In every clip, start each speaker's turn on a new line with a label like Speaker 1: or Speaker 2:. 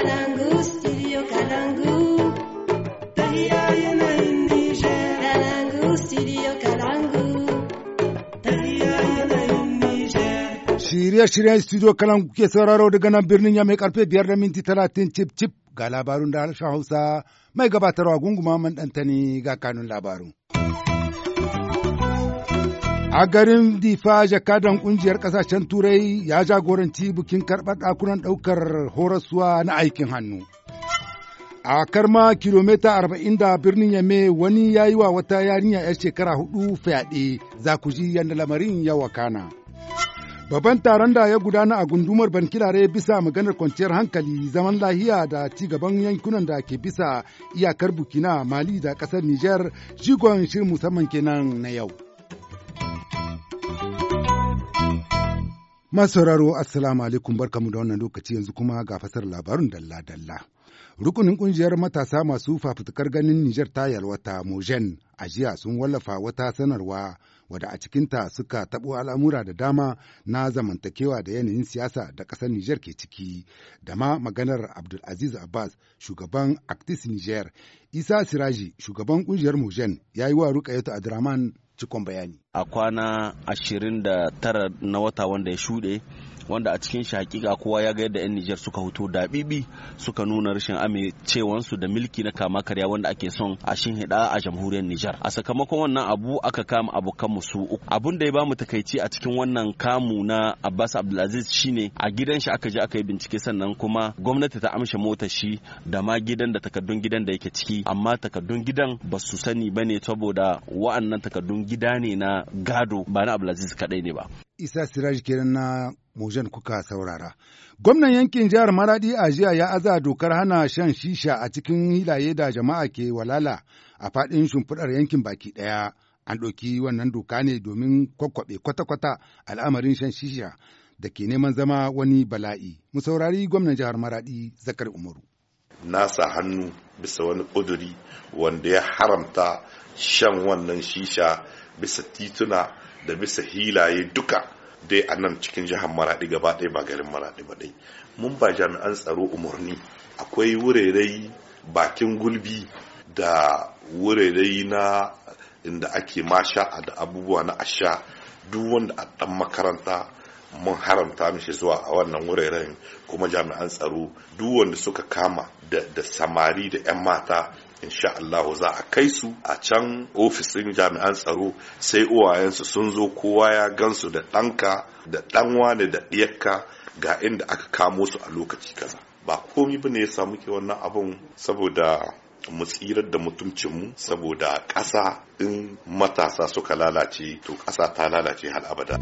Speaker 1: siriya studio Kalangu. Kalangu, studio
Speaker 2: Kalangu. Shirye-shiryen studio Kalangu ke sauraro daga nan birnin ya mai karfe biyar da minti talatin cip cip ga labarun da mai gabatarwa gunguma man ɗantani ga A garin Difa jakadan kungiyar kasashen Turai ya jagoranci bikin karɓar ɗakunan ɗaukar horaswa na aikin hannu. A karma kilomita arba'in da birnin Yame wani ya yi wa wata yarinya 'yar shekara hudu fyaɗe za ku ji yadda lamarin ya wakana. Babban taron da ya gudana a gundumar Bankilare bisa maganar kwanciyar hankali zaman lahiya da ci gaban yankunan da ke bisa iyakar Bukina, Mali da ƙasar Nijar, jigon shirin musamman kenan na yau. sauraro, Assalamu alaikum barkamu da wannan lokaci yanzu kuma ga fasar labarin dalla-dalla. Rukunin kungiyar matasa masu fafutukar ganin Nijar ta yalwata Mojen a jiya sun wallafa wata sanarwa wadda a cikinta suka taɓo al'amura da dama na zamantakewa da yanayin siyasa da ƙasar Nijar ke ciki, da ma maganar Abdulaziz Abbas, shugaban Actis Nijar, Isa Siraji, shugaban ƙungiyar Mojen, ya yi wa Rukayatu Adraman cikon bayani.
Speaker 1: A kwana ashirin da tara na wata wanda ya shuɗe wanda a cikin shi hakika kowa ya ga yadda 'yan Nijar suka hoto da bibi suka nuna rashin amincewansu da milki na kama karya wanda ake son a shinhida a jamhuriyar Nijar. A sakamakon wannan abu aka kama abokan su uku. Abun da ya bamu takaici a cikin wannan kamu na Abbas Abdulaziz shine a gidan shi aka je aka yi bincike sannan kuma gwamnati ta amshe mota shi da ma gidan da takardun gidan da yake ciki amma takardun gidan ba su sani ba ne saboda wa'annan takardun gida ne na gado ba na Abdulaziz kadai ne ba.
Speaker 2: Isa Siraj kenan na mujan kuka saurara. Gwamnan yankin jihar Maradi a jiya ya aza dokar hana shan shisha a cikin hilaye da jama'a ke walala a faɗin shimfiɗar yankin baki ɗaya. An ɗauki wannan doka ne domin kwakwaɓe kwata-kwata al'amarin shan shisha da ke neman zama wani bala'i. Mu saurari gwamnan jihar Maradi Zakar Umaru.
Speaker 3: Na sa hannu bisa wani ƙuduri wanda ya haramta shan wannan shisha bisa tituna da bisa hilaye duka dai a nan cikin jihar maraɗi gaba ɗaya ba garin maraɗi ba dai mun ba jami'an tsaro umarni akwai wurare bakin gulbi da wurare na inda ake masha da abubuwa na asha duk wanda a ɗan makaranta mun haramta mishi zuwa a wannan wuraren kuma jami'an tsaro duk wanda suka kama da samari da 'yan mata insha Allah za a kai su a can ofisin jami'an tsaro sai uwayensu sun zo kowa ya gansu da ɗanka da ɗanwa ne da ɗiyakka ga inda aka kamo su a lokaci kaza ba komi ba ne ya samu ke wannan abun saboda mu tsirar da mutuncinmu saboda ƙasa in matasa suka lalace to ƙasa ta lalace hal abada.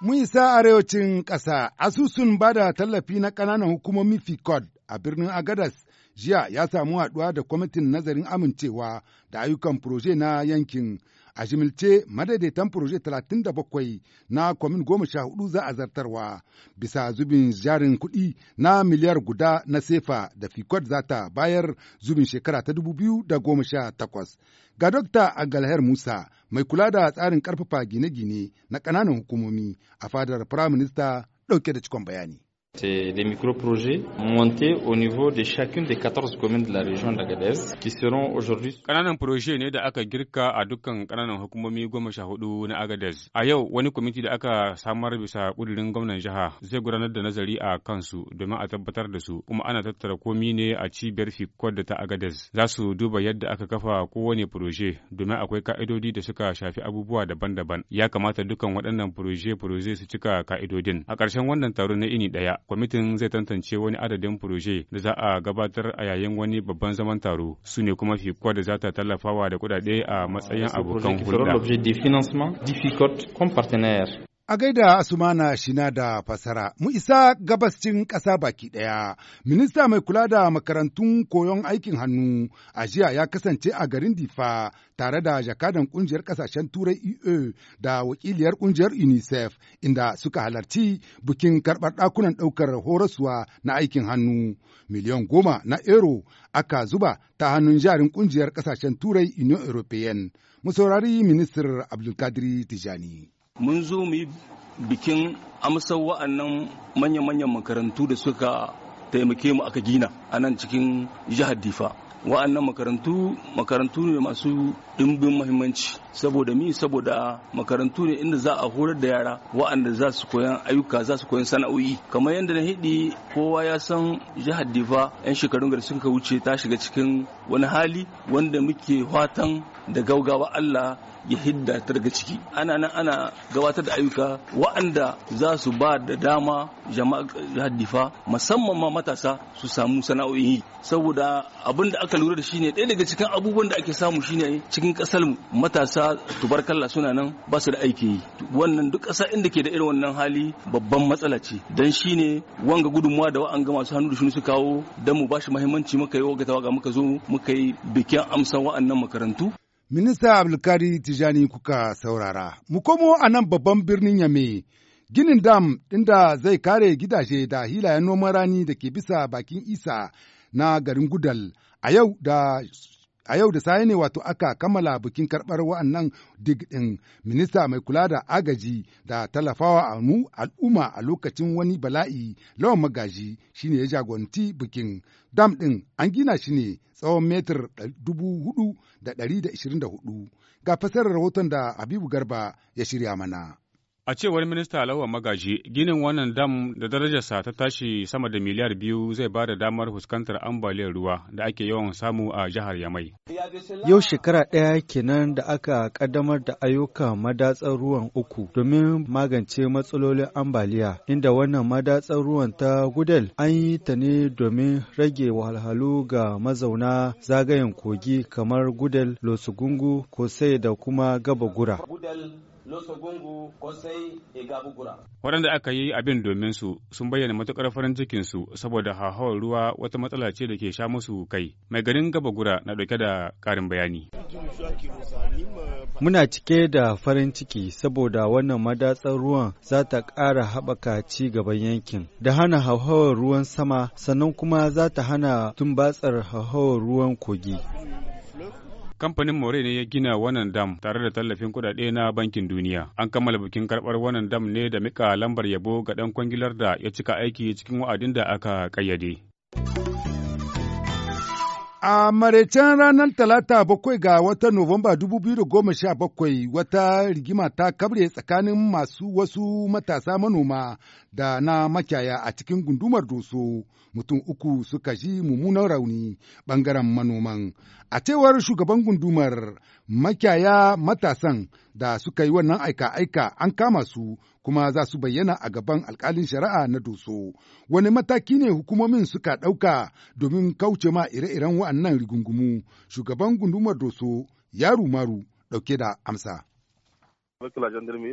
Speaker 2: Mun sa arewacin ƙasa, asusun bada tallafi na ƙananan hukumomi FICOD a birnin Agadas jiya ya samu haɗuwa da kwamitin nazarin amincewa da ayyukan proje na yankin. A jimilce madaidaitan proje 37 na kwamin goma sha hudu za a zartarwa bisa zubin jarin kuɗi na miliyar guda na sefa da fikot za ta bayar zubin shekara ta da 2018. Ga Dokta Agalher Musa mai kula da tsarin karfafa gine-gine na ƙananan hukumomi a fadar Firaminista ɗauke da cikon bayani.
Speaker 4: C'est des micro-projets montés au niveau de chacune des 14 communes de la région d'Agadez qui seront aujourd'hui. Kananan projet ne da aka girka a dukkan kananan hukumomi goma sha hudu na Agadez. A yau wani kwamiti da aka samar bisa kudirin gwamnan jiha zai gudanar da nazari a kansu domin a tabbatar da su kuma ana tattara komi ne a cibiyar Fikod da ta Agadez. Za su duba yadda aka kafa kowane proje domin akwai ka'idodi da suka shafi abubuwa daban-daban. Ya kamata dukkan waɗannan proje-proje su cika ka'idodin. A ƙarshen wannan taro na ini ɗaya kwamitin zai tantance wani adadin furoje da za a gabatar a yayin wani babban zaman taro su ne kuma fi da za ta tallafawa da kudade a matsayin ah, abokan hulɗa.
Speaker 2: A gaida Asumana Shina da fasara, mu isa gabas cin ƙasa baki ɗaya. Minista mai kula da makarantun koyon aikin hannu a jiya ya kasance a garin Difa tare da jakadan ƙungiyar ƙasashen Turai EU da wakiliyar ƙungiyar UNICEF inda suka halarci bikin karɓar ɗakunan ɗaukar horaswa na aikin hannu. Miliyan goma na Ero aka zuba ta hannun jarin ƙungiyar ƙasashen Turai Union European. Mu saurari Ministar Abdulkadir Tijani.
Speaker 1: mun zo mu yi bikin amsar wa'annan manya-manyan makarantu da suka taimake mu aka gina a nan cikin jihar difa wa'annan makarantu makarantu ne masu ɗimbin mahimmanci saboda mi saboda makarantu ne inda za a horar da yara wa'anda za su koyan ayyuka za su koyan sana'o'i kamar yadda na hidi kowa ya san jihar difa yan shekarun da suka wuce ta shiga cikin wani hali wanda muke fatan da gaugawa allah ya hidda ta daga ciki ana nan ana gabatar da ayyuka wa'anda za su ba da dama jama'a difa musamman ma matasa su samu sana'o'i saboda abin da aka lura da shi ne ɗaya daga cikin abubuwan da ake samu shine cikin ƙasar matasa matasa tubarkalla suna nan ba su da aiki yi wannan duk ƙasa inda ke da irin wannan hali babban matsala ce dan shine wanga gudunmuwa da wa'an ga masu hannu da shuni su kawo dan mu bashi muhimmanci muka yi wa ga muka zo muka yi bikin amsan wa'annan makarantu
Speaker 2: Minista Abdulkari Tijani kuka saurara. Mu komo a nan babban birnin Yame, ginin dam inda zai kare gidaje da hilayen noman rani da ke bisa bakin isa na garin Gudal a yau da A yau da sai ne wato aka kammala bikin karɓar wa'annan dig ɗin minista mai kula da agaji da talafawa a mu al'umma a lokacin wani bala'i lawan magaji shine ya jagoranci bikin. Dam ɗin an gina shi ne tsawon metar hudu ga fasarar rahoton da Habibu Garba ya shirya mana.
Speaker 4: A cewar minista Lawa Magaji, ginin wannan dam da darajarsa ta tashi sama da miliyar biyu zai ba da damar fuskantar ambaliyar ruwa da ake yawan samu a jihar Yamai.
Speaker 5: Yau shekara ɗaya kenan da aka kaddamar da ayyuka madatsar ruwan uku domin magance matsalolin ambaliya, inda wannan madatsar ruwan ta gudel an yi ta ne domin rage wahalhalu ga mazauna zagayen kogi kamar gudel, losugungu, kosai da kuma gaba gura.
Speaker 1: losogungu kosai e gabugura
Speaker 5: waɗanda
Speaker 4: aka yi abin domin su sun bayyana matukar farin cikin su saboda hauhawar ruwa wata matsala ce da ke sha musu kai mai garin gabagura na ɗauke da ƙarin bayani
Speaker 5: muna cike da farin ciki saboda wannan madatsar ruwan za ta ƙara haɓaka ci gaban yankin da hana hauhawar ruwan sama sannan kuma za ta hana tumbatsar hauhawar ruwan kogi
Speaker 4: Kamfanin More ne ya gina wannan dam tare da tallafin kudade na Bankin Duniya. An kammala bikin karbar wannan dam ne da mika lambar yabo ga dan kwangilar da ya cika aiki cikin wa'adin da aka kayyade.
Speaker 2: A maraicen ranar Talata bakwai ga watan Nuwamba 2017 wata rigima ta kabre tsakanin masu wasu matasa manoma da na makyaya a cikin gundumar doso mutum uku suka ji mummunan rauni ɓangaren manoman. A cewar shugaban gundumar makiyaya matasan da suka yi wannan aika-aika an kama su kuma za su bayyana a gaban alkalin shari'a na doso. Wani mataki ne hukumomin suka ɗauka domin kauce ma ire-iren wa'annan rigungumu. Shugaban gundumar doso, Yaru Maru, ɗauke da amsa.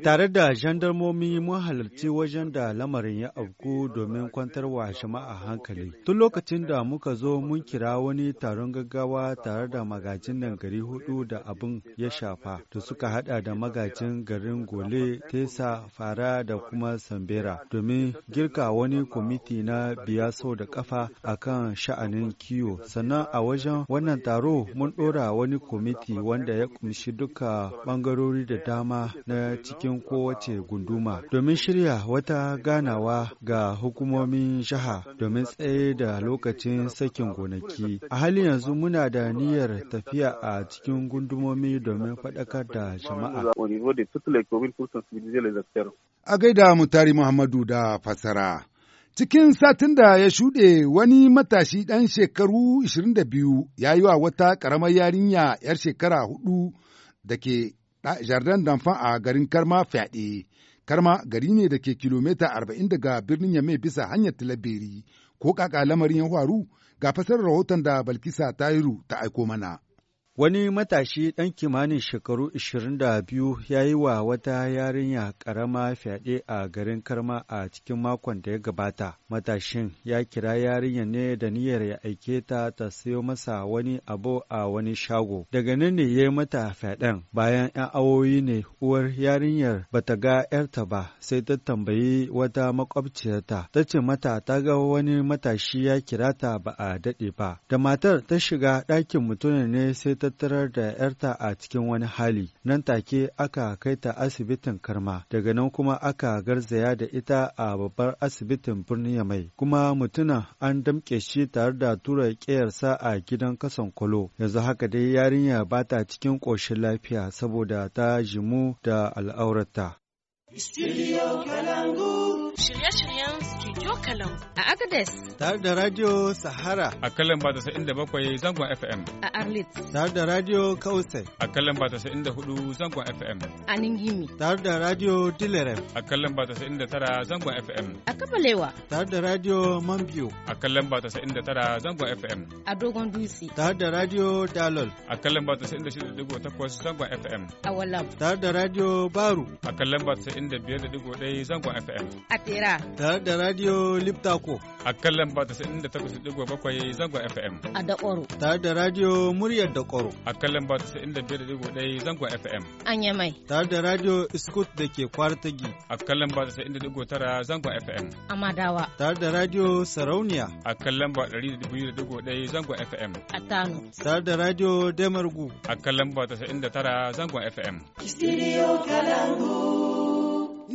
Speaker 2: Tare da jandarmomi mun halarci wajen da lamarin ya
Speaker 5: afku domin kwantar wa jama'a hankali. Tun lokacin da muka zo mun kira wani taron gaggawa tare da magajin nan gari hudu da abin ya shafa da suka hada da magajin garin Gole, Tesa, Fara da kuma Sambera domin girka wani kwamiti na biya sau da kafa kan sha'anin kiwo. Sannan a wajen wannan taro mun dora wani kwamiti wanda ya kumshi duka bangarori da dama na cikin kowace gunduma domin shirya wata ganawa ga hukumomin jiha domin tsaye da lokacin sakin gonaki. A halin yanzu muna da niyyar tafiya a cikin gundumomi domin faɗakar da jama'a.
Speaker 2: A gaida Mutari Muhammadu da fasara. Cikin satin da ya shuɗe wani matashi ɗan shekaru 22 ya yi wa wata ƙaramar yarinya 'yar shekara hudu da ke jardin d'enfant a garin Karma fyaɗe. Karma gari ne da ke kilomita arba'in daga birnin Yame bisa hanyar Tilaberi ko kaka lamarin ya faru ga fasar rahoton da Balkisa tahiru ta aiko mana. Wani matashi ɗan kimanin shekaru biyu
Speaker 5: ya yi wa wata yarinya ƙarama fyaɗe a garin Karma a cikin makon da ya gabata. Matashin ya kira yarinya ne da niyyar ya aike ta ta sayo masa wani abu a wani shago. Daga nan ne ya yi mata fyaɗen bayan 'yan awoyi ne uwar yarinyar ta ga 'yarta ba sai ta tambayi wata makwabciyarta ta ce mata ta ga wani matashi ya kira ta ba a daɗe ba. Da matar ta shiga ɗakin mutumin ne sai ta tattarar da 'yarta a cikin wani hali. Nan take aka kai ta asibitin Karma, daga nan kuma aka garzaya da ita a babbar asibitin birnin Yamai. Kuma mutuna an damƙe shi tare da tura ƙeyarsa a gidan kasan kwalo. Yanzu haka dai yarinya ba ta cikin ƙoshin lafiya saboda ta jimu da al'aurata.
Speaker 1: Kalau. A Agadez.
Speaker 5: Tare da Radio Sahara. A kalan ba inda bakwai zangon
Speaker 4: FM. A Arlit. Tare da Radio Kausai. A kalan ba inda hudu zangon FM.
Speaker 1: A Ningimi.
Speaker 4: Tare da Radio Dilerem. A kalan ba inda tara zangon FM.
Speaker 1: A Kabalewa.
Speaker 4: Tare da Radio Mambiyo. A kalan ba inda tara zangon FM.
Speaker 5: A Dogon Dutse. Tare da Radio Dalol.
Speaker 4: A kalan ba da takwas zangon FM.
Speaker 5: A Walam. Tare da Radio Baru.
Speaker 4: A kalan ba inda biyar da zangon FM. A Tera. Tare da Radio Philip Tako. A kan lamba bakwai zangon FM. A
Speaker 5: Dakoro. Tare
Speaker 4: da Radio Muryar Dakoro. A kan lamba 95.1 zangon FM. An mai. Tare da Radio Scoot da ke Kwartagi. A kan lamba tara zangon FM.
Speaker 5: A Madawa. Tare da Radio Sarauniya.
Speaker 4: A kan lamba 102.1 zangon FM.
Speaker 5: A Tano. Tare da Radio Demargu.
Speaker 4: A kan lamba tara zangon FM. Studio
Speaker 5: Kalangu.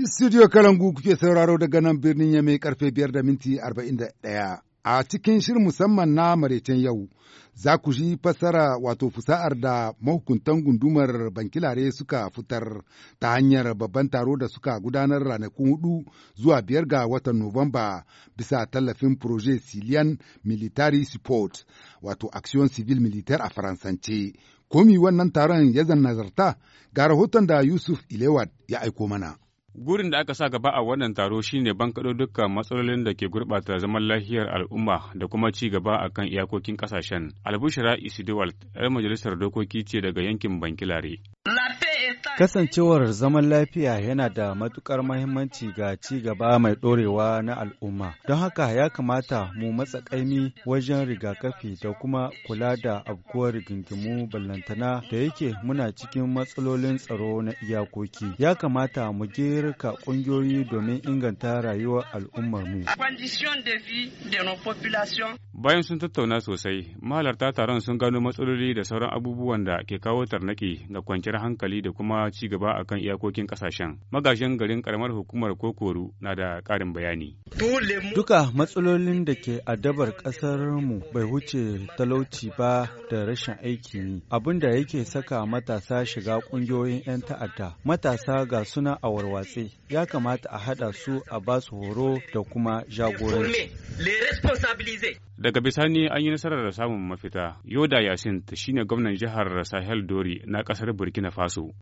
Speaker 2: Studio Kalangu kuke sauraro daga nan birnin ya mai karfe biyar da minti arba'in da ɗaya. A cikin shirin musamman na maraicen yau, za ku shi fassara wato fusa'ar da mahukuntan gundumar bankilare suka fitar ta hanyar babban taro da suka gudanar ranakun hudu zuwa biyar ga watan Nuwamba bisa tallafin Proje Silian Military Support wato Action Civil Militaire a Faransance. Komi wannan taron ya nazarta ga rahoton da Yusuf Ilewad ya aiko mana.
Speaker 4: Gurin da aka sa gaba a wannan taro shine bankaɗo dukkan matsalolin da ke gurɓata zaman lafiyar al'umma da kuma ci gaba a kan iyakokin ƙasashen. Albushira Isidiwalt, 'yar majalisar dokoki ce daga yankin Bankilare.
Speaker 5: Kasancewar zaman lafiya yana da matukar mahimmanci ga ci gaba mai ɗorewa na al'umma. Don haka ya kamata mu matsa ƙaimi wajen rigakafi da kuma kula da abkuwar rigingimu ballantana da yake muna cikin matsalolin tsaro na iyakoki. Ya kamata mu girka ƙungiyoyi domin inganta rayuwar al'ummar mu. Bayan
Speaker 4: sun tattauna sosai, mahalarta taron sun gano matsaloli da sauran abubuwan da ke kawo tarnaki ga kwanciyar hankali da kuma ci gaba a kan iyakokin ƙasashen Magashin garin karamar hukumar Kokoru na da ƙarin bayani.
Speaker 5: Duka matsalolin da ke adabar mu bai wuce talauci ba da rashin aiki ne, abin da yake saka matasa shiga ƙungiyoyin 'yan ta'adda. Matasa ga suna a warwatse, ya kamata a haɗa su a basu horo da kuma jagoranci.
Speaker 4: Daga bisani an yi nasarar samun mafita. Yoda Yasin ne gwamnan jihar Sahel Dori na kasar Burkina Faso.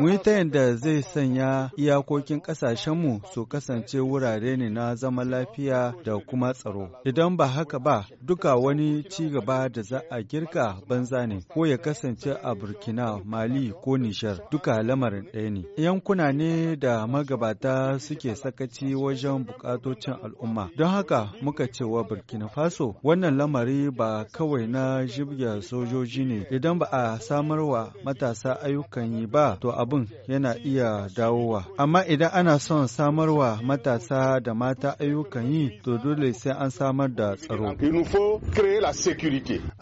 Speaker 5: Mu yi ta yadda zai sanya iyakokin kasashenmu su kasance wurare ne na zama lafiya da kuma tsaro. Idan ba haka ba, duka wani ci gaba da za a girka banza ne ko ya kasance a Burkina, Mali ko Nishar duka lamarin ɗaya ne. Yankuna ne da magabata suke sakaci wajen bukatocin al'umma. Don haka muka cewa Burkina Faso wannan lamari ba kawai na jibya sojoji ne idan ba a samar matasa ayyukan yi ba to abin yana iya dawowa. Amma idan ana son samarwa matasa da mata ayyukan yi to dole sai an samar da tsaro.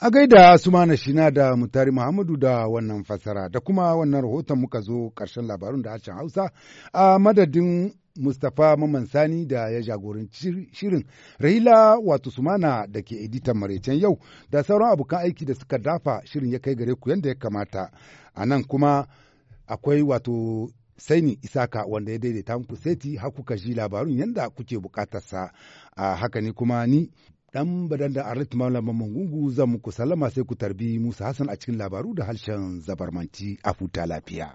Speaker 2: A gaida mana Shina da Mutari Muhammadu da wannan fasara da kuma wannan rahoton muka zo karshen labarun da harshen Hausa a madadin Mustapha Maman Sani da ya jagoranci shirin Rahila wato Sumana da ke editan maraicen yau da sauran abokan aiki da suka dafa shirin ya kai gare ku yadda ya kamata. A nan kuma akwai wato Saini Isaka wanda ya daidaita muku seti har kuka ji labarun yadda kuke bukatarsa. A haka ne kuma ni dan badan da Arlit Maulama Mangungu zan muku salama sai ku tarbi Musa Hassan a cikin labaru da harshen zabarmanci a futa lafiya.